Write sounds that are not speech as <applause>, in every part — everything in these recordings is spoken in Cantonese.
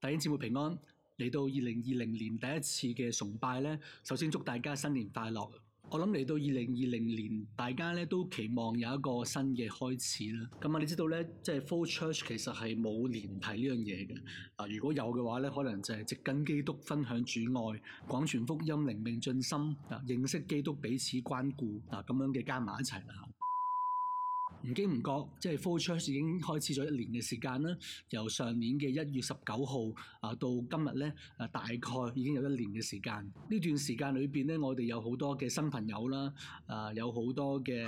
大家節目平安，嚟到二零二零年第一次嘅崇拜咧，首先祝大家新年快樂。我諗嚟到二零二零年，大家咧都期望有一個新嘅開始啦。咁、嗯、啊，你知道呢，即係 Full Church 其實係冇年題呢樣嘢嘅。如果有嘅話呢，可能就係藉著基督分享主愛，廣傳福音，靈命進深，嗱，認識基督彼此關顧，嗱，咁樣嘅加埋一齊唔經唔覺，即係 flow church 已經開始咗一年嘅時間啦。由上年嘅一月十九號啊，到今日咧，啊，大概已經有一年嘅時間。呢段時間裏邊咧，我哋有好多嘅新朋友啦，啊、呃、有好多嘅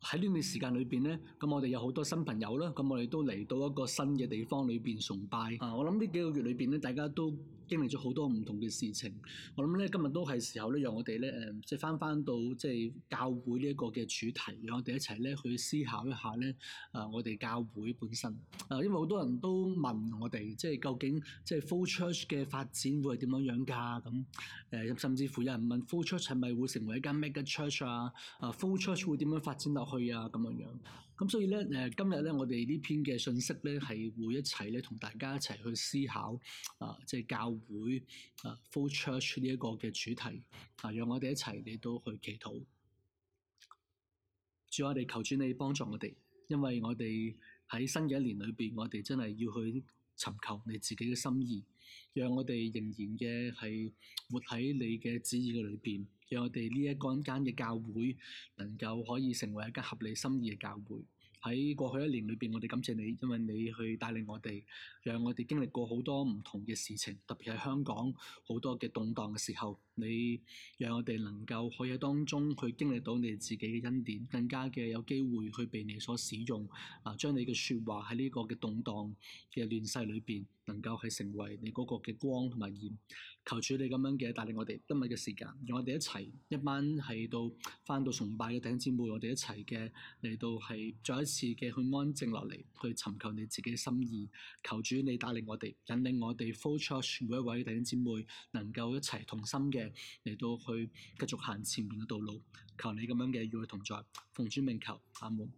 喺呢段時間裏邊咧，咁我哋有好多新朋友啦。咁我哋都嚟到一個新嘅地方裏邊崇拜啊！我諗呢幾個月裏邊咧，大家都～經歷咗好多唔同嘅事情，我諗咧今日都係時候咧，讓我哋咧誒，即係返返到即係教會呢一個嘅主題，讓我哋一齊咧去思考一下咧，誒我哋教會本身。誒因為好多人都問我哋，即係究竟即係 flow church 嘅發展會係點樣樣㗎？咁誒甚至乎有人問 flow church 係咪會成為一間 mega church 啊？誒 flow church 會點樣發展落去啊？咁樣樣。咁所以呢，今日呢，我哋呢篇嘅信息呢，係會一齊咧，同大家一齊去思考啊，即係教會啊，flow church 呢一個嘅主題啊，讓我哋一齊，你都去祈禱。主啊，我哋求主你幫助我哋，因為我哋喺新嘅一年裏面，我哋真係要去尋求你自己嘅心意。讓我哋仍然嘅係活喺你嘅旨意嘅裏邊，讓我哋呢一間間嘅教會能夠可以成為一間合你心意嘅教會。喺過去一年裏邊，我哋感謝你，因為你去帶領我哋，讓我哋經歷過好多唔同嘅事情，特別係香港好多嘅動盪嘅時候。你讓我哋能夠可以喺當中去經歷到你自己嘅恩典，更加嘅有機會去被你所使用，啊，將你嘅說話喺呢個嘅動蕩嘅亂世裏邊，能夠係成為你個嘅光同埋鹽。求主你咁樣嘅帶領我哋今日嘅時間，讓我哋一齊一班係到翻到崇拜嘅弟兄姊妹，我哋一齊嘅嚟到係再一次嘅去安靜落嚟，去尋求你自己嘅心意。求主你帶領我哋，引領我哋 flow church 每一位弟兄姊妹能夠一齊同心嘅。嚟到去繼續行前面嘅道路，求你咁樣嘅與我同在，奉主命求阿門。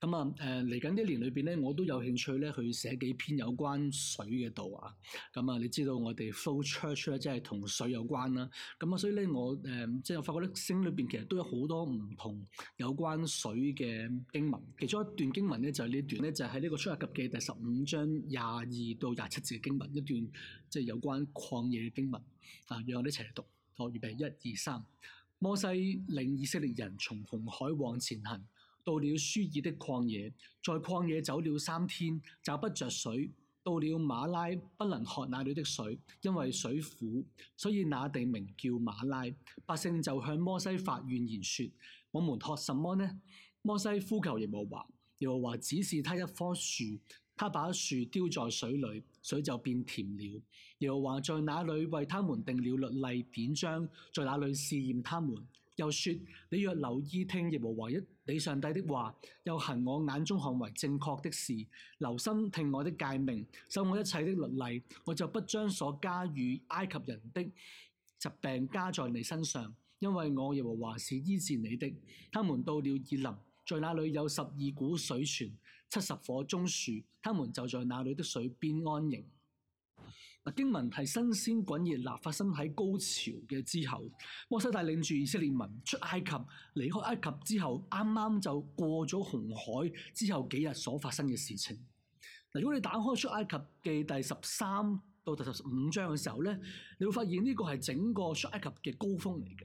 咁啊，誒嚟緊呢年裏邊咧，我都有興趣咧去寫幾篇有關水嘅道啊。咁啊，你知道我哋 flow church 咧，即係同水有關啦。咁啊，所以咧我誒、嗯、即係我發覺咧，聖裏邊其實都有好多唔同有關水嘅經文。其中一段經文咧就係呢段咧，就喺、是、呢個出埃及記第十五章廿二到廿七字嘅經文，一段即係有關曠野嘅經文。啊，讓我哋一齊嚟讀，我預備一二三，1, 2, 3, 摩西領以色列人從紅海往前行。到了舒爾的曠野，在曠野走了三天，找不着水。到了馬拉，不能喝那裏的水，因為水苦，所以那地名叫馬拉。百姓就向摩西發怨言說：我們喝什麼呢？摩西呼求耶和華，耶和華指示他一棵樹，他把樹丟在水裏，水就變甜了。耶和華在那裏為他們定了律例典章，在那裏試驗他們。又說：你若留意聽，耶和華一你上帝的話，又行我眼中看為正確的事，留心聽我的誡命，守我一切的律例，我就不將所加與埃及人的疾病加在你身上，因為我耶和華是醫治你的。他們到了以琳，在那裡有十二股水泉，七十棵棕樹，他們就在那裡的水邊安營。嗱，經文係新鮮滾熱辣發生喺高潮嘅之後，摩西帶領住以色列民出埃及，離開埃及之後，啱啱就過咗紅海之後幾日所發生嘅事情。嗱，如果你打開出埃及記第十三到第十五章嘅時候咧，你會發現呢個係整個出埃及嘅高峰嚟嘅。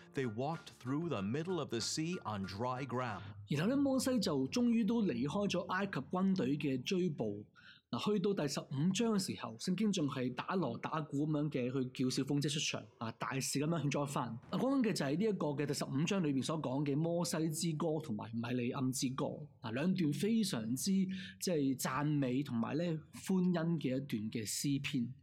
They walked through the middle of the walked middle sea on dry ground。of on 然後咧，摩西就終於都離開咗埃及軍隊嘅追捕。嗱，去到第十五章嘅時候，聖經仲係打鑼打鼓咁樣嘅去叫小鳳姐出場，啊，大肆咁樣慶祝一番。啊，講緊嘅就係呢一個嘅第十五章裏面所講嘅摩西之歌同埋米利暗之歌，嗱，兩段非常之即係讚美同埋咧歡欣嘅一段嘅詩篇。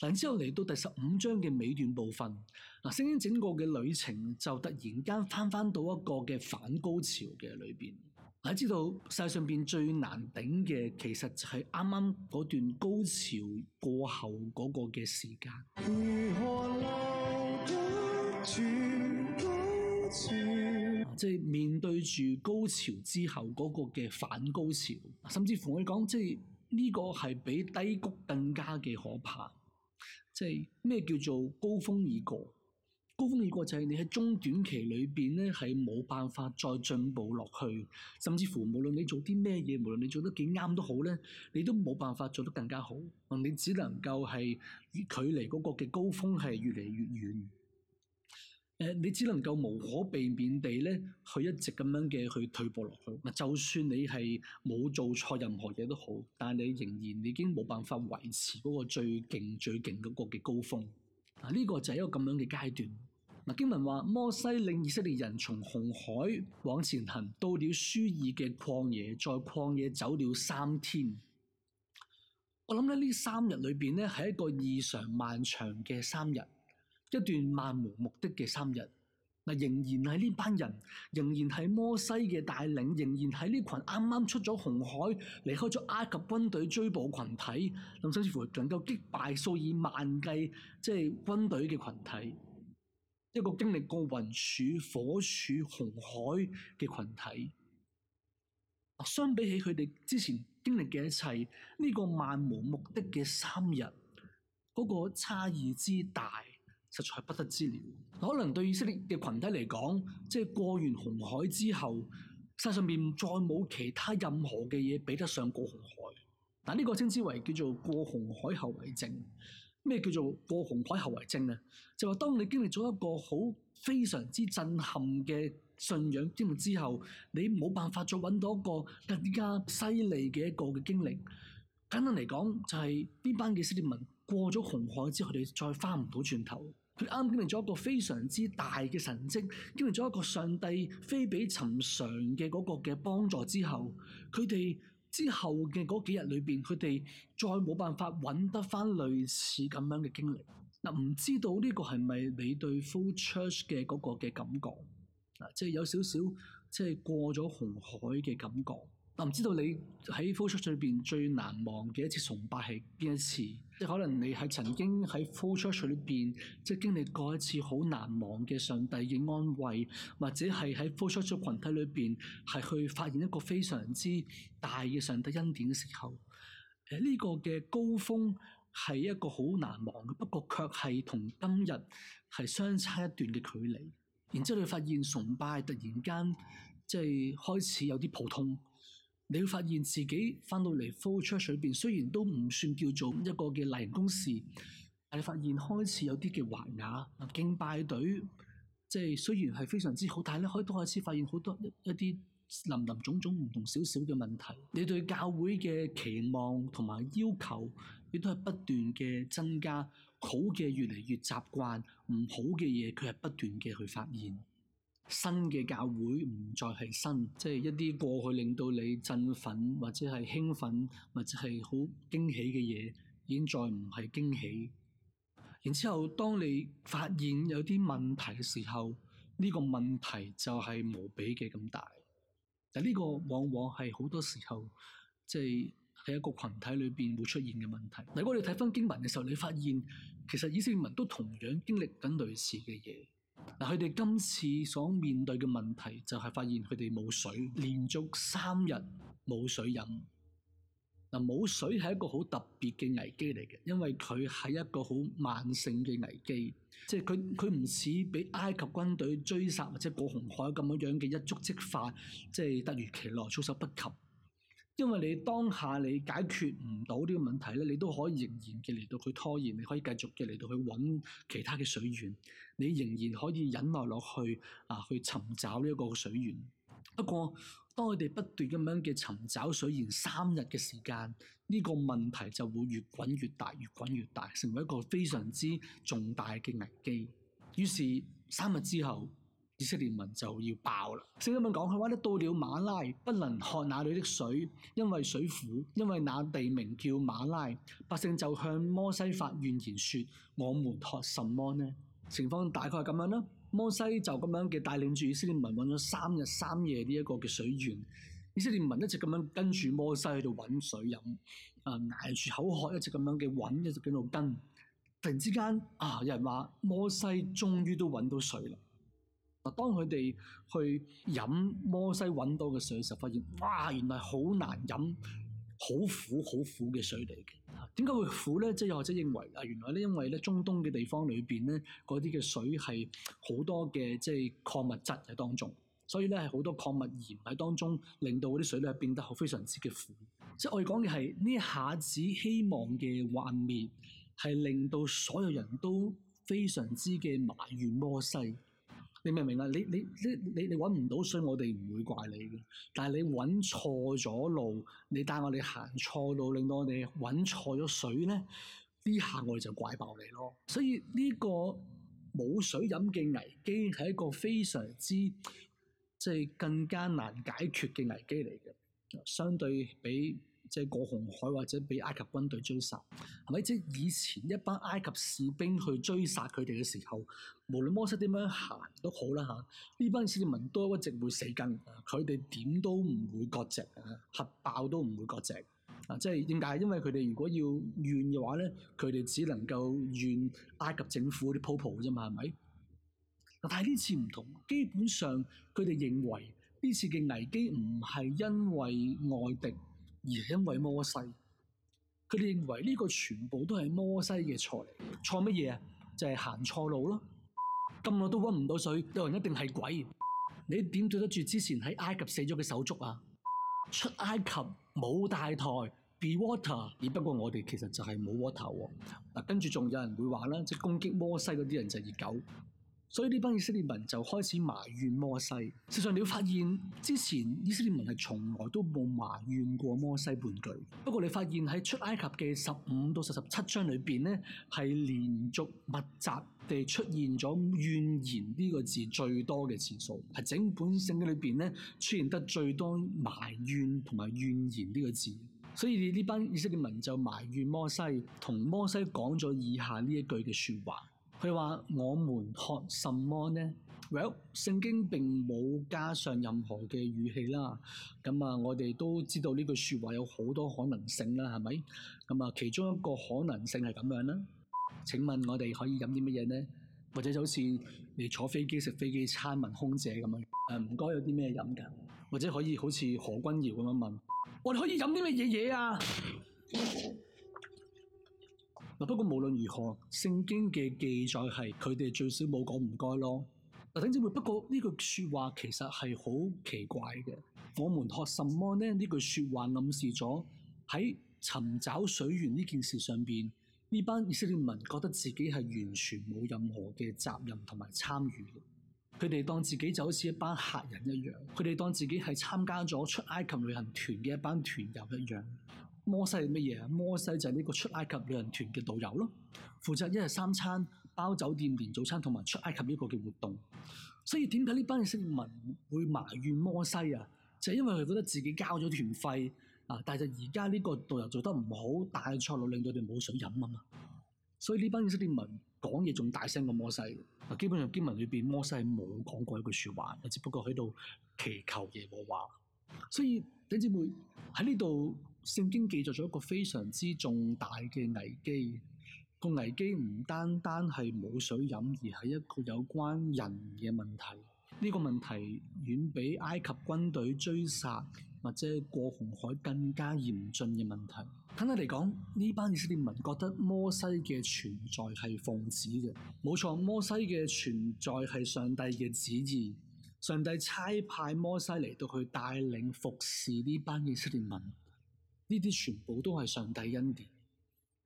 嗱，之後嚟到第十五章嘅尾段部分，嗱，星星整個嘅旅程就突然間返返到一個嘅反高潮嘅裏邊。大家知道世界上邊最難頂嘅，其實就係啱啱嗰段高潮過後嗰個嘅時間，如何留得住高潮？即係面對住高潮之後嗰個嘅反高潮，甚至乎我講即係呢個係比低谷更加嘅可怕。即係咩叫做高峰已過？高峰已過就係你喺中短期裏邊咧，係冇辦法再進步落去。甚至乎無論你做啲咩嘢，無論你做得幾啱都好咧，你都冇辦法做得更加好。你只能夠係距離嗰個嘅高峰係越嚟越遠。誒，你只能夠無可避免地咧，去一直咁樣嘅去退步落去。嗱，就算你係冇做錯任何嘢都好，但係你仍然已經冇辦法維持嗰個最勁、最勁嗰個嘅高峰。嗱、啊，呢個就係一個咁樣嘅階段。嗱、啊，經文話：摩西領以色列人從紅海往前行，到了舒爾嘅曠野，在曠野走了三天。我諗咧，呢三日裏邊咧係一個異常漫長嘅三日。一段漫無目的嘅三日，嗱，仍然係呢班人，仍然係摩西嘅帶領，仍然係呢群啱啱出咗紅海、離開咗埃及軍隊追捕群體，咁甚至乎能夠擊敗數以萬計即係軍隊嘅群體，一個經歷過雲柱、火柱紅海嘅群體。相比起佢哋之前經歷嘅一切，呢、呢個漫無目的嘅三日，嗰、嗰個差異之大。實在不得知了。可能對以色列嘅群體嚟講，即係過完紅海之後，世上面再冇其他任何嘅嘢比得上過紅海。但呢個稱之為叫做過紅海後遺症。咩叫做過紅海後遺症咧？就話、是、當你經歷咗一個好非常之震撼嘅信仰經歷之後，你冇辦法再揾到一個更加犀利嘅一個嘅經歷。簡單嚟講，就係、是、呢班嘅以色列人過咗紅海之後，佢哋再翻唔到轉頭。佢啱經歷咗一個非常之大嘅神蹟，經歷咗一個上帝非比尋常嘅嗰個嘅幫助之後，佢哋之後嘅嗰幾日裏邊，佢哋再冇辦法揾得返類似咁樣嘅經歷。嗱，唔知道呢個係咪你對 flow church 嘅嗰個嘅感覺？嗱，即係有少少即係過咗紅海嘅感覺。唔知道你喺 flow church 裏邊最難忘嘅一次崇拜係邊一次？即係可能你係曾經喺 flow church 裏邊即係經歷過一次好難忘嘅上帝嘅安慰，或者係喺 flow church 羣體裏邊係去發現一個非常之大嘅上帝恩典嘅時候。誒、呃、呢、這個嘅高峰係一個好難忘嘅，不過卻係同今日係相差一段嘅距離，然之後你發現崇拜突然間即係開始有啲普通。你會發現自己返到嚟 flow church 裡面，雖然都唔算叫做一個嘅例行公事，但你發現開始有啲嘅滑雅、敬拜隊，即係雖然係非常之好，但係咧可以多一次發現好多一啲林林種種唔同少少嘅問題。你對教會嘅期望同埋要求，亦都係不斷嘅增加，好嘅越嚟越習慣，唔好嘅嘢佢係不斷嘅去發現。新嘅教會唔再係新，即係一啲過去令到你振奮或者係興奮或者係好驚喜嘅嘢，已經再唔係驚喜。然之後當你發現有啲問題嘅時候，呢個問題就係無比嘅咁大。但呢個往往係好多時候，即係喺一個群體裏邊會出現嘅問題。但如果你睇翻經文嘅時候，你發現其實以色列民都同樣經歷緊類似嘅嘢。嗱，佢哋今次所面對嘅問題就係發現佢哋冇水，連續三日冇水飲。嗱，冇水係一個好特別嘅危機嚟嘅，因為佢係一個好慢性嘅危機，即係佢佢唔似畀埃及軍隊追殺，或者過紅海咁樣樣嘅一觸即發，即係突如其來措手不及。因為你當下你解決唔到呢個問題咧，你都可以仍然嘅嚟到去拖延，你可以繼續嘅嚟到去揾其他嘅水源，你仍然可以忍耐落去啊去尋找呢一個水源。不過當佢哋不斷咁樣嘅尋找水源三日嘅時間，呢、呢個問題就會越滾越大，越滾越大，成為一個非常之重大嘅危機。於是三日之後，以色列民就要爆啦！聖經文講佢話：咧到了馬拉，不能喝那裏的水，因為水苦，因為那地名叫馬拉。百姓就向摩西發怨言，說：我們喝什麼呢？情況大概係咁樣啦。摩西就咁樣嘅帶領住以色列民揾咗三日三夜呢一個嘅水源。以色列民一直咁樣跟住摩西喺度揾水飲，啊捱住口渴一直樣，一直咁樣嘅揾，一直咁度跟。突然之間啊，有人話摩西終於都揾到水啦！嗱，當佢哋去飲摩西揾到嘅水嘅時候，發現哇，原來好難飲，好苦、好苦嘅水嚟嘅。點解會苦咧？即係又或者認為啊，原來咧，因為咧，中東嘅地方裏邊咧，嗰啲嘅水係好多嘅，即係礦物質喺當中，所以咧係好多礦物鹽喺當中，令到嗰啲水咧變得好非常之嘅苦。即係我哋講嘅係呢下子希望嘅幻滅，係令到所有人都非常之嘅埋怨摩西。你明唔明啊？你你你你你揾唔到水，我哋唔會怪你嘅。但係你揾錯咗路，你帶我哋行錯路，令到我哋揾錯咗水咧，呢下我哋就怪爆你咯。所以呢個冇水飲嘅危機係一個非常之即係、就是、更加難解決嘅危機嚟嘅，相對比。即係過紅海或者俾埃及軍隊追殺，係咪？即係以前一班埃及士兵去追殺佢哋嘅時候，無論摩西點樣行都好啦嚇。呢班市民都一直會死緊，佢哋點都唔會割席、啊，核爆都唔會割席。啊，即係點解？因為佢哋如果要怨嘅話咧，佢哋只能夠怨埃及政府嗰啲 popo 啫嘛，係咪、啊？但係呢次唔同，基本上佢哋認為呢次嘅危機唔係因為外敵。而因為摩西，佢哋認為呢個全部都係摩西嘅錯，錯乜嘢啊？就係行錯路咯。咁耐都揾唔到水，有人一定係鬼。你點對得住之前喺埃及死咗嘅手足啊？出埃及冇大台，be water，而、欸、不過我哋其實就係冇 water 喎。嗱，跟住仲有人會話啦，即係攻擊摩西嗰啲人就係熱狗。所以呢班以色列人就開始埋怨摩西。事實上，你發現之前以色列人係從來都冇埋怨過摩西半句。不過你發現喺出埃及嘅十五到十七章裏面，呢係連續密集地出現咗怨言呢、這個字最多嘅次數，係整本聖經裏面咧出現得最多埋怨同埋怨言呢、這個字。所以呢班以色列人就埋怨摩西，同摩西講咗以下呢一句嘅説話。佢話：我們喝什麼呢？Well，聖經並冇加上任何嘅語氣啦。咁、嗯、啊，我哋都知道呢句説話有好多可能性啦，係咪？咁、嗯、啊，其中一個可能性係咁樣啦。請問我哋可以飲啲乜嘢呢？或者就好似你坐飛機食飛機餐問空姐咁樣，啊，唔該有啲咩飲㗎？或者可以好似何君堯咁樣問：我哋可以飲啲乜嘢嘢啊？ <laughs> 嗱，不過無論如何，聖經嘅記載係佢哋最少冇講唔該咯。嗱，弟兄姊妹，不過呢句説話其實係好奇怪嘅。我們學什麼呢？呢句説話暗示咗喺尋找水源呢件事上邊，呢班以色列民覺得自己係完全冇任何嘅責任同埋參與嘅。佢哋當自己就好似一班客人一樣，佢哋當自己係參加咗出埃及旅行團嘅一班團友一樣。摩西係乜嘢啊？摩西就係呢個出埃及旅行團嘅導遊咯，負責一日三餐、包酒店、連早餐同埋出埃及呢個嘅活動。所以點解呢班以色列民會埋怨摩西啊？就係因為佢覺得自己交咗團費啊，但係就而家呢個導遊做得唔好，帶錯路，令到佢哋冇水飲啊嘛。所以呢班以色列民講嘢仲大聲過摩西啊！基本上經文裏邊，摩西係冇講過一句説話，佢只不過喺度祈求耶和華。所以弟兄姊妹喺呢度。聖經記載咗一個非常之重大嘅危機。個危機唔單單係冇水飲，而係一個有關人嘅問題。呢個問題遠比埃及軍隊追殺或者過紅海更加嚴峻嘅問題。簡單嚟講，呢班以色列民覺得摩西嘅存在係奉旨嘅。冇錯，摩西嘅存在係上帝嘅旨意。上帝差派摩西嚟到佢，帶領服侍呢班以色列民。呢啲全部都係上帝恩典，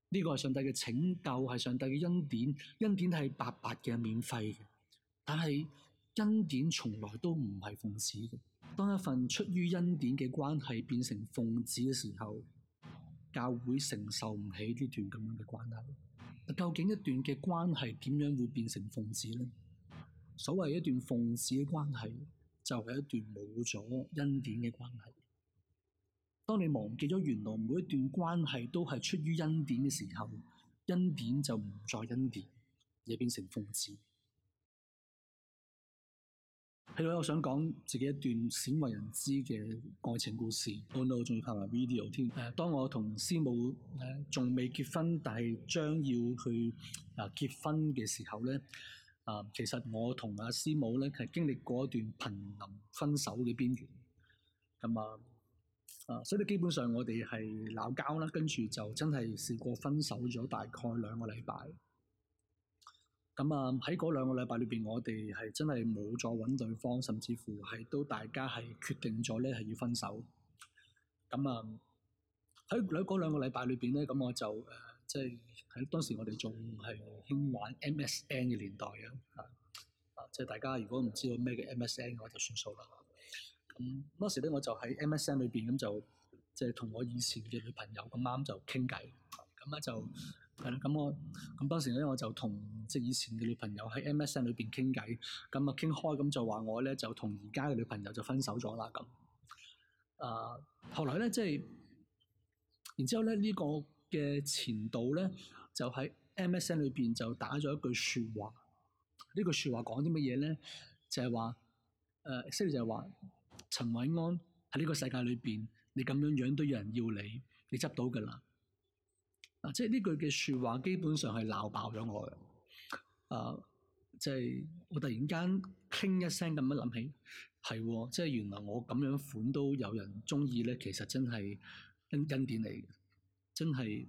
呢個係上帝嘅拯救，係上帝嘅恩典。恩典係白白嘅、免費嘅，但係恩典從來都唔係奉旨嘅。當一份出於恩典嘅關係變成奉旨嘅時候，教會承受唔起呢段咁樣嘅關係。究竟一段嘅關係點樣會變成奉旨咧？所謂一段奉旨嘅關係，就係一段冇咗恩典嘅關係。當你忘記咗原來每一段關係都係出於恩典嘅時候，恩典就唔再恩典，而變成諷刺。係啦， <noise> 我想講自己一段鮮為人知嘅愛情故事，我、oh、仲、no，要拍埋 video 添。誒，當我同師母咧仲未結婚，但係將要去啊結婚嘅時候咧，啊，其實我同阿師母咧係經歷過一段瀕臨分手嘅邊緣，咁啊。啊，所以咧基本上我哋係鬧交啦，跟住就真係試過分手咗大概兩個禮拜。咁啊喺嗰兩個禮拜裏邊，我哋係真係冇再揾對方，甚至乎係都大家係決定咗咧係要分手。咁啊喺嗰兩個禮拜裏邊咧，咁我就誒、呃、即係喺當時我哋仲係興玩 MSN 嘅年代啊，啊即係大家如果唔知道咩叫 MSN 嘅話，我就算數啦。咁當時咧，我就喺 MSN 裏邊咁就即係同我以前嘅女朋友咁啱就傾偈，咁咧就係啦。咁我咁當時咧，我就同即係以前嘅女朋友喺 MSN 裏邊傾偈，咁啊傾開咁就話我咧就同而家嘅女朋友就分手咗啦。咁啊，後來咧即係然之後咧呢、呢個嘅前度咧就喺 MSN 裏邊就打咗一句説話，句話說呢句説話講啲乜嘢咧就係話誒，即、呃、係就係話。陳韋安喺呢個世界裏邊，你咁樣樣都有人要你，你執到㗎喇。嗱，即係呢句嘅説話，基本上係鬧爆咗我嘅。啊，即係我，啊就是、我突然間傾一聲咁樣諗起，係喎，即係原來我咁樣款都有人鍾意咧。其實真係恩恩典嚟嘅，真係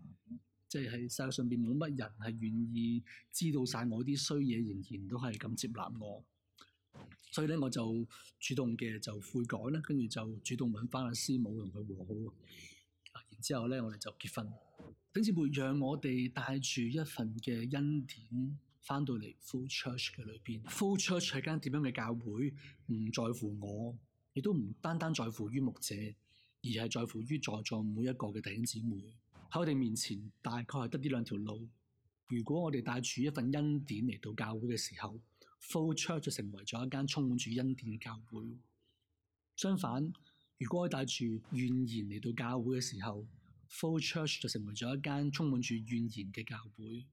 即係喺世界上邊冇乜人係願意知道晒我啲衰嘢，仍然都係咁接納我。所以咧，我就主動嘅就悔改啦，跟住就主動揾返阿師母同佢和好，然之後咧，我哋就結婚，頂子會讓我哋帶住一份嘅恩典返到嚟 Full Church 嘅裏邊。Full Church 係間點樣嘅教會？唔在乎我，亦都唔單單在乎於牧者，而係在乎於在座每一個嘅弟兄姊妹喺我哋面前，大概係得呢兩條路。如果我哋帶住一份恩典嚟到教會嘅時候，Flow Church 就成為咗一間充滿住恩典嘅教會。相反，如果我帶住怨言嚟到教會嘅時候，Flow Church 就成為咗一間充滿住怨言嘅教會。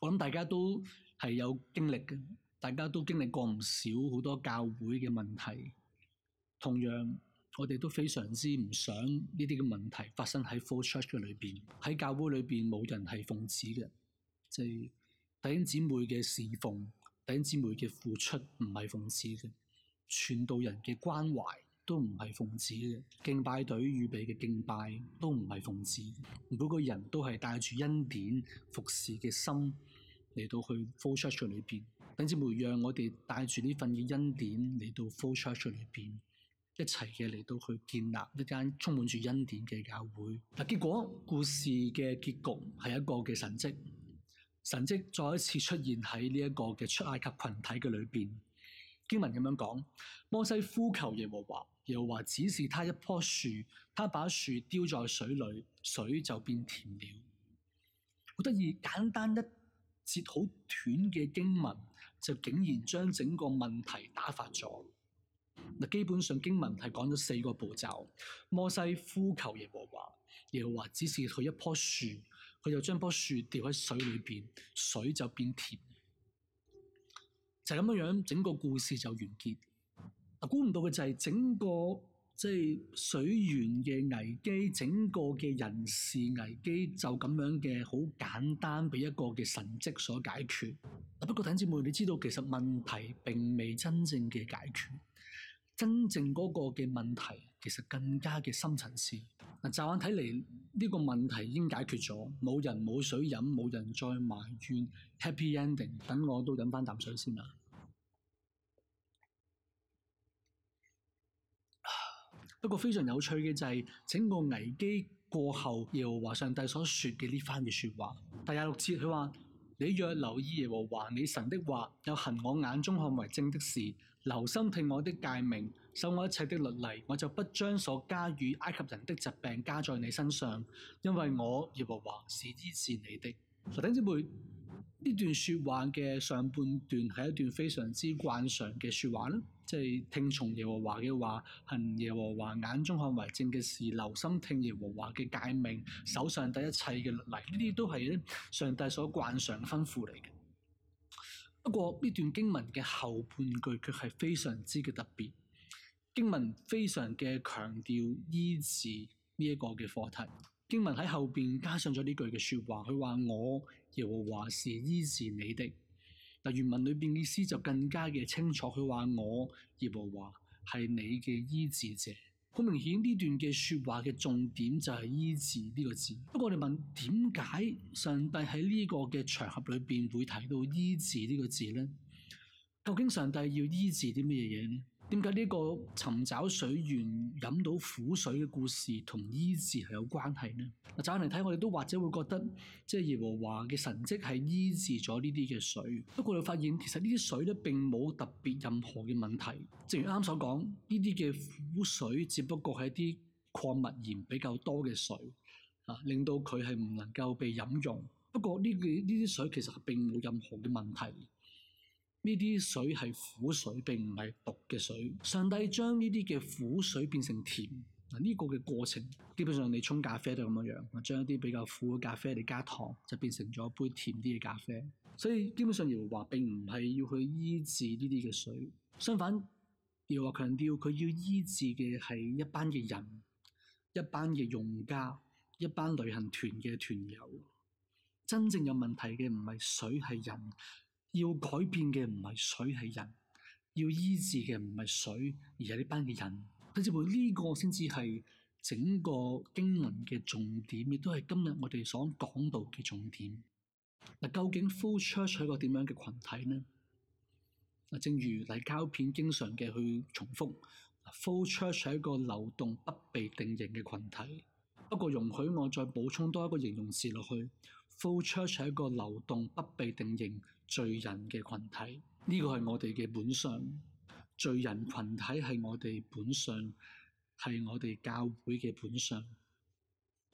我諗大家都係有經歷嘅，大家都經歷過唔少好多教會嘅問題。同樣，我哋都非常之唔想呢啲嘅問題發生喺 Flow Church 嘅裏邊。喺教會裏面，冇人係奉旨嘅，就係弟兄姊妹嘅侍奉。弟兄姊妹嘅付出唔係奉旨嘅，傳道人嘅關懷都唔係奉旨嘅，敬拜隊預備嘅敬拜都唔係奉旨。每個人都係帶住恩典服侍嘅心嚟到去 full church 裏邊，弟兄姊妹讓我哋帶住呢份嘅恩典嚟到 full church 裏邊，一齊嘅嚟到去建立一間充滿住恩典嘅教會。嗱，結果故事嘅結局係一個嘅神蹟。神跡再一次出現喺呢一個嘅出埃及群體嘅裏邊。經文咁樣講，摩西呼求耶和華，耶和華指示他一棵樹，他把樹丟在水裏，水就變甜了。好得意，簡單一節好短嘅經文，就竟然將整個問題打發咗。嗱，基本上經文係講咗四個步驟。摩西呼求耶和華，耶和華指示佢一棵樹。佢就將棵樹掉喺水裏面，水就變甜，就係咁樣整個故事就完結。估唔到嘅就係整個即係水源嘅危機，整個嘅人事危機就咁樣嘅好簡單，俾一個嘅神蹟所解決。不過，弟兄姊妹，你知道其實問題並未真正嘅解決。真正嗰個嘅問題其實更加嘅深層次。嗱，乍眼睇嚟呢個問題已經解決咗，冇人冇水飲，冇人再埋怨，happy ending。等我都飲翻啖水先啦。不過非常有趣嘅就係整個危機過後，耶和華上帝所説嘅呢番嘅説話，第廿六節，佢話：你若留意耶和華你神的話，有行我眼中看為正的事。留心聽我的誡命，守我一切的律例，我就不將所加於埃及人的疾病加在你身上，因為我耶和華是醫治你的。嗱，弟兄姊妹，呢段說話嘅上半段係一段非常之慣常嘅說話啦，即係聽從耶和華嘅話，行耶和華眼中看為正嘅事，留心聽耶和華嘅誡命，守上帝一切嘅律例，呢啲都係上帝所慣常的吩咐嚟嘅。不過呢段經文嘅後半句卻係非常之嘅特別，經文非常嘅強調醫治呢一個嘅課題。經文喺後邊加上咗呢句嘅説話，佢話我耶和華是醫治你的。但原文裏邊意思就更加嘅清楚，佢話我耶和華係你嘅醫治者。好明顯呢段嘅説話嘅重點就係醫治呢個字。不過我哋問，點解上帝喺呢個嘅場合裏面會睇到醫治呢個字呢？究竟上帝要醫治啲咩嘢嘢點解呢個尋找水源、飲到苦水嘅故事同醫治係有關係呢？乍眼嚟睇，我哋都或者會覺得，即係耶和華嘅神跡係醫治咗呢啲嘅水。不過你發現，其實呢啲水咧並冇特別任何嘅問題。正如啱啱所講，呢啲嘅苦水只不過係啲礦物鹽比較多嘅水，啊令到佢係唔能夠被飲用。不過呢啲呢啲水其實係並冇任何嘅問題。呢啲水係苦水，並唔係毒嘅水。上帝將呢啲嘅苦水變成甜。嗱，呢個嘅過程基本上你沖咖啡都咁樣樣，將一啲比較苦嘅咖啡，嚟加糖就變成咗一杯甜啲嘅咖啡。所以基本上，耶和華並唔係要去醫治呢啲嘅水，相反，耶和華強調佢要醫治嘅係一班嘅人，一班嘅用家，一班旅行團嘅團友。真正有問題嘅唔係水，係人。要改變嘅唔係水，係人，要醫治嘅唔係水而係呢班嘅人。睇住佢呢個先至係整個經文嘅重點，亦都係今日我哋所講到嘅重點。嗱，究竟 flow church 係一個點樣嘅群體呢？嗱，正如嚟膠片經常嘅去重複，flow church 係一個流動不被定型嘅群體。不過容許我再補充多一個形容詞落去，flow church 係一個流動不被定型。罪人嘅群體，呢個係我哋嘅本相。罪人群體係我哋本相，係我哋教會嘅本相。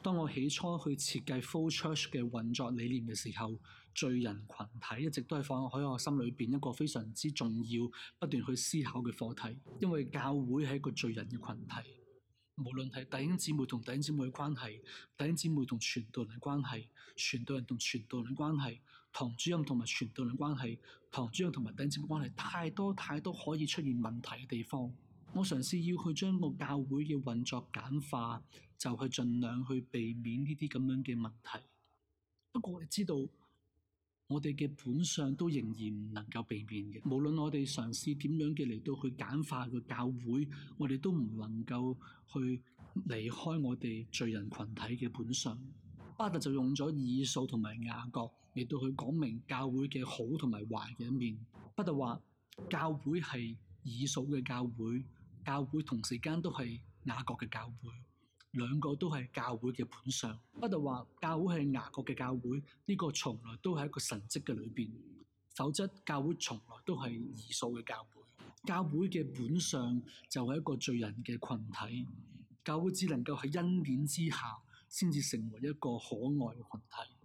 當我起初去設計 flow church 嘅運作理念嘅時候，罪人群體一直都係放喺我心裏邊一個非常之重要、不斷去思考嘅課題。因為教會係一個罪人嘅群體，無論係弟兄姊妹同弟兄姊妹嘅關係，弟兄姊妹同傳道人嘅關係，傳道人同傳道人嘅關係。唐主任同埋傳道嘅關係，唐主任同埋頂尖嘅關係，太多太多可以出現問題嘅地方。我嘗試要去將個教會嘅運作簡化，就去盡量去避免呢啲咁樣嘅問題。不過我知道，我哋嘅本相都仍然唔能夠避免嘅。無論我哋嘗試點樣嘅嚟到去簡化個教會，我哋都唔能夠去離開我哋罪人群體嘅本相。巴特就用咗以掃同埋雅各。亦都去講明教會嘅好同埋壞嘅一面，不但話教會係以掃嘅教會，教會同時間都係雅各嘅教會，兩個都係教會嘅本相。不但話教會係雅各嘅教會呢，這個從來都係一個神蹟嘅裏邊，否則教會從來都係以掃嘅教會，教會嘅本相就係一個罪人嘅群體，教會只能夠喺恩典之下，先至成為一個可愛嘅群體。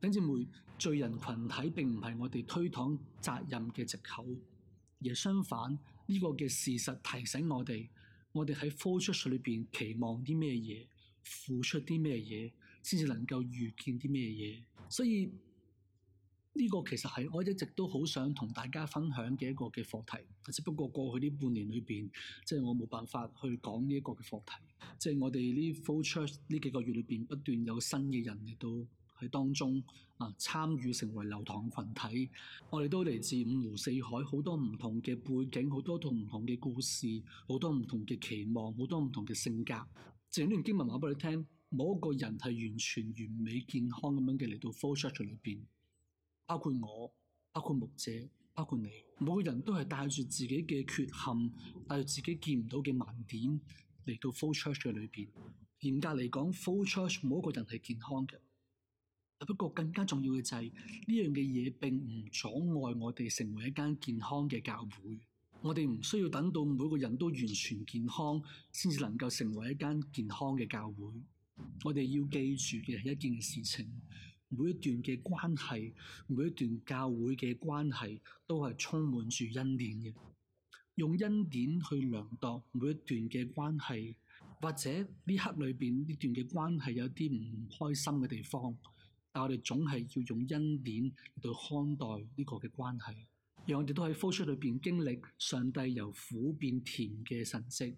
等住罪罪人群體並唔係我哋推搪責任嘅藉口，而相反，呢個嘅事實提醒我哋，我哋喺 flow church 裏邊期望啲咩嘢，付出啲咩嘢，先至能夠遇見啲咩嘢。所以呢個其實係我一直都好想同大家分享嘅一個嘅課題，只不過過去呢半年裏邊，即係我冇辦法去講呢一個嘅課題。即係我哋呢 flow church 呢幾個月裏邊不斷有新嘅人嚟到，喺當中啊，參與成為流堂群體。我哋都嚟自五湖四海，好多唔同嘅背景，好多同唔同嘅故事，好多唔同嘅期望，好多唔同嘅性格。整段經文話俾你聽，冇一個人係完全完美健康咁樣嘅嚟到 flow church 裏邊，包括我，包括牧者，包括你，每個人都係帶住自己嘅缺陷，帶住自己見唔到嘅盲點嚟到 flow church 嘅裏邊。嚴格嚟講，flow church 冇一個人係健康嘅。不過更加重要嘅就係呢樣嘅嘢並唔阻礙我哋成為一間健康嘅教會。我哋唔需要等到每個人都完全健康，先至能夠成為一間健康嘅教會。我哋要記住嘅係一件事情：每一段嘅關係，每一段教會嘅關係都係充滿住恩典嘅。用恩典去量度每一段嘅關係，或者呢刻裏面呢段嘅關係有啲唔開心嘅地方。但我哋總係要用恩典嚟到看待呢個嘅關係，讓我哋都喺 flow church 裏邊經歷上帝由苦變甜嘅神蹟，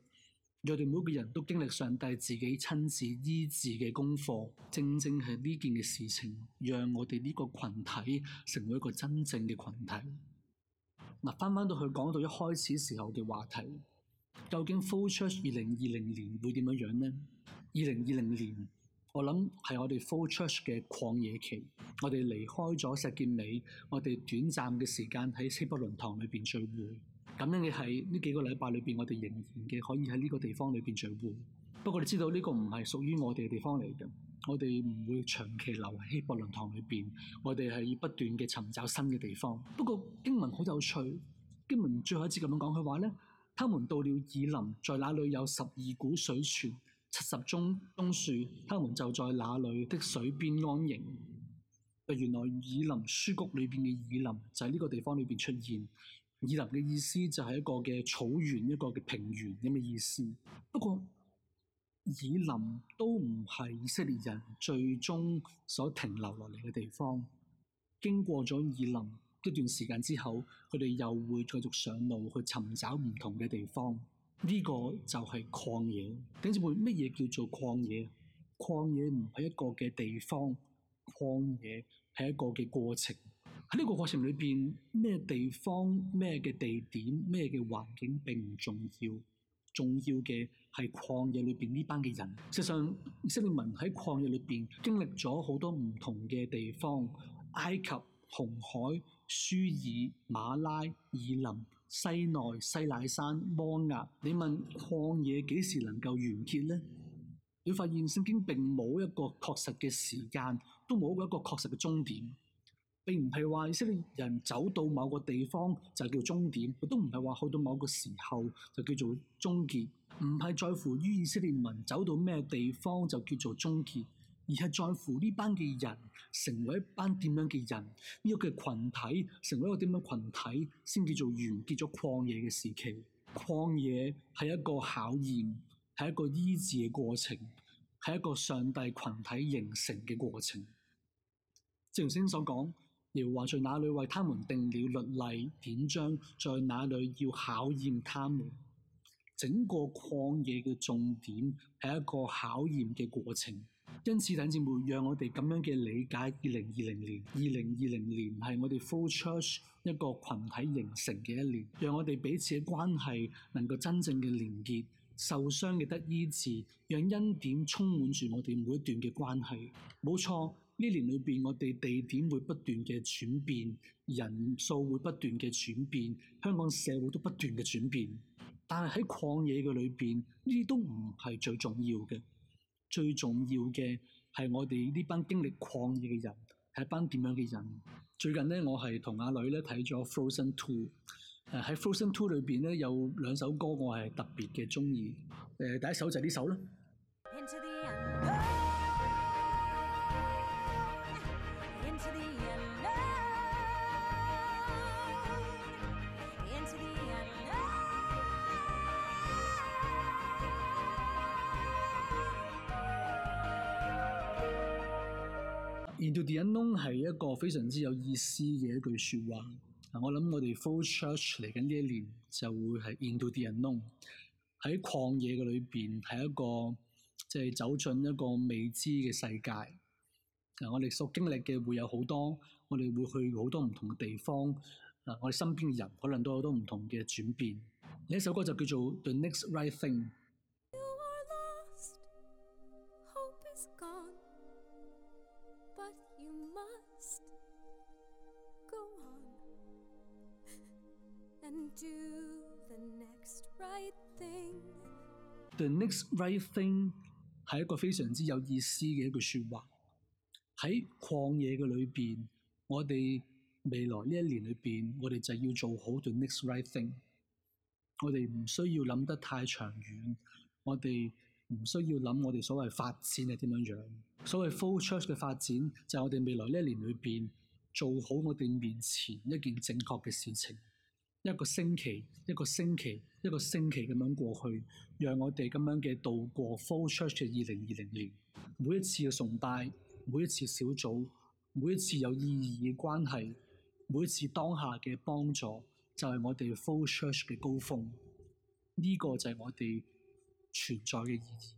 讓我哋每個人都經歷上帝自己親自醫治嘅功課。正正係呢件嘅事情，讓我哋呢個群體成為一個真正嘅群體。嗱，翻翻到去講到一開始時候嘅話題，究竟 flow church 二零二零年會點樣樣咧？二零二零年。我諗係我哋 flow church 嘅曠野期，我哋離開咗石硤尾，我哋短暫嘅時間喺希伯倫堂裏面聚會。咁樣嘅係呢幾個禮拜裏面，我哋仍然嘅可以喺呢個地方裏面聚會。不過你知道呢個唔係屬於我哋嘅地方嚟嘅，我哋唔會長期留喺希伯倫堂裏面，我哋係要不斷嘅尋找新嘅地方。不過經文好有趣，經文最後一節咁樣講佢話咧，他們到了以琳，在那裏有十二股水泉。七十棵棕樹，他們就在那裏的水邊安營。原來以林書局裏邊嘅以林就喺呢個地方裏面出現。以林嘅意思就係一個嘅草原，一個嘅平原咁嘅意思。不過，以林都唔係以色列人最終所停留落嚟嘅地方。經過咗以林一段時間之後，佢哋又會繼續上路去尋找唔同嘅地方。呢個就係曠野，到底乜嘢叫做曠野？曠野唔係一個嘅地方，曠野係一個嘅過程。喺呢個過程裏邊，咩地方、咩嘅地點、咩嘅環境並唔重要，重要嘅係曠野裏邊呢班嘅人。事實上，西利文喺曠野裏邊經歷咗好多唔同嘅地方：埃及、紅海、書珥、馬拉、以琳。西奈、西乃山、摩押，你問曠野幾時能夠完結呢？你發現聖經並冇一個確實嘅時間，都冇一個確實嘅終點。並唔係話以色列人走到某個地方就叫終點，亦都唔係話去到某個時候就叫做終結。唔係在乎於以色列民走到咩地方就叫做終結。而係在乎呢班嘅人成為一班點樣嘅人，呢、這個嘅群體成為一個點樣群體，先叫做完結咗曠野嘅時期。曠野係一個考驗，係一個醫治嘅過程，係一個上帝群體形成嘅過程。正如先所講，耶和華在那裏為他們定了律例典章，在那裏要考驗他們。整個曠野嘅重點係一個考驗嘅過程。因此，弟兄姊妹讓我哋咁樣嘅理解，二零二零年，二零二零年係我哋 flow church 一個群體形成嘅一年，讓我哋彼此嘅關係能夠真正嘅連結，受傷嘅得醫治，讓恩典充滿住我哋每一段嘅關係。冇錯，呢年裏邊我哋地點會不斷嘅轉變，人數會不斷嘅轉變，香港社會都不斷嘅轉變，但係喺曠野嘅裏邊，呢啲都唔係最重要嘅。最重要嘅係我哋呢班經歷曠野嘅人係一班點樣嘅人？最近咧，我係同阿女咧睇咗 Frozen Two、呃、誒喺 Frozen Two 裏面咧有兩首歌我係特別嘅鍾意，第一首就係呢首啦。Into the unknown 係一個非常之有意思嘅一句説話。嗱，我諗我哋 Flow Church 嚟緊呢一年就會係 Into the unknown，喺曠野嘅裏邊係一個即係、就是、走進一個未知嘅世界。嗱，我哋所經歷嘅會有好多，我哋會去好多唔同嘅地方。嗱，我哋身邊嘅人可能都有好多唔同嘅轉變。呢一首歌就叫做 The Next Right Thing。right thing 係一個非常之有意思嘅一句説話。喺曠野嘅裏邊，我哋未來呢一年裏邊，我哋就要做好做 next right thing。我哋唔需要諗得太長遠，我哋唔需要諗我哋所謂發展係點樣樣。所謂 flow church 嘅發展，就係我哋未來呢一年裏面，做好我哋面前一件正確嘅事情。一個星期，一個星期，一個星期咁樣過去，讓我哋咁樣嘅度過 Full Church 嘅二零二零年。每一次嘅崇拜，每一次小組，每一次有意義嘅關係，每一次當下嘅幫助，就係我哋 Full Church 嘅高峰。呢個就係我哋存在嘅意義。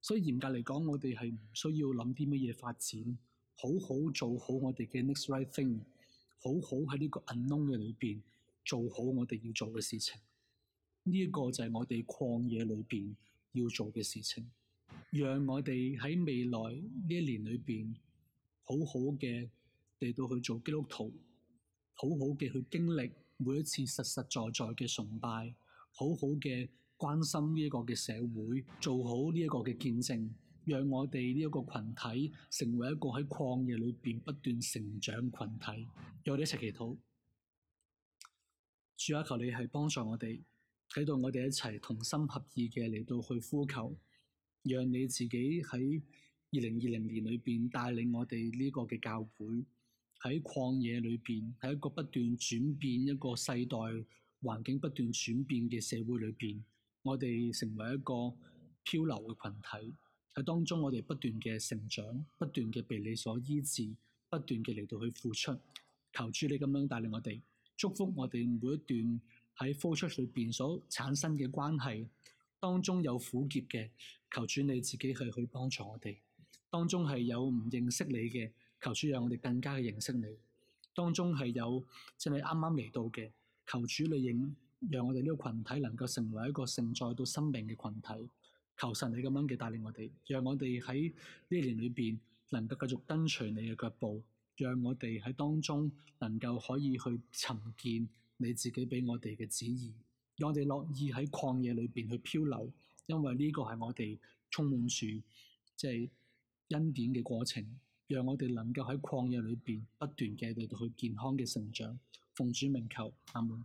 所以嚴格嚟講，我哋係唔需要諗啲乜嘢發展，好好做好我哋嘅 Next Right Thing，好好喺呢個 Unknown 嘅裏面做好我哋要做嘅事情。呢一個就係我哋曠野裏邊要做嘅事情，讓我哋喺未來呢一年裏邊好好嘅嚟到去做基督徒，好好嘅去經歷每一次實實在在嘅崇拜，好好嘅關心呢一個嘅社會，做好呢一個嘅見證，讓我哋呢一個群體成為一個喺曠野裏邊不斷成長羣體。讓我哋一齊祈禱，主啊，求你係幫助我哋。喺度，我哋一齊同心合意嘅嚟到去呼求，讓你自己喺二零二零年裏邊帶領我哋呢個嘅教會喺曠野裏邊，喺一個不斷轉變一個世代環境不斷轉變嘅社會裏邊，我哋成為一個漂流嘅群體，喺當中，我哋不斷嘅成長，不斷嘅被你所醫治，不斷嘅嚟到去付出，求主你咁樣帶領我哋，祝福我哋每一段。喺付出裏邊所產生嘅關係當中有苦澀嘅，求主你自己係去幫助我哋。當中係有唔認識你嘅，求主讓我哋更加去認識你。當中係有即係啱啱嚟到嘅，求主你影讓我哋呢個群體能夠成為一個盛載到生命嘅群體。求神你咁樣嘅帶領我哋，讓我哋喺呢年裏邊能夠繼續跟隨你嘅腳步，讓我哋喺當中能夠可以去尋見。你自己畀我哋嘅旨意，讓我哋樂意喺曠野裏邊去漂流，因為呢個係我哋充滿住即係恩典嘅過程，讓我哋能夠喺曠野裏邊不斷嘅嚟到去健康嘅成長，奉主名求，阿門。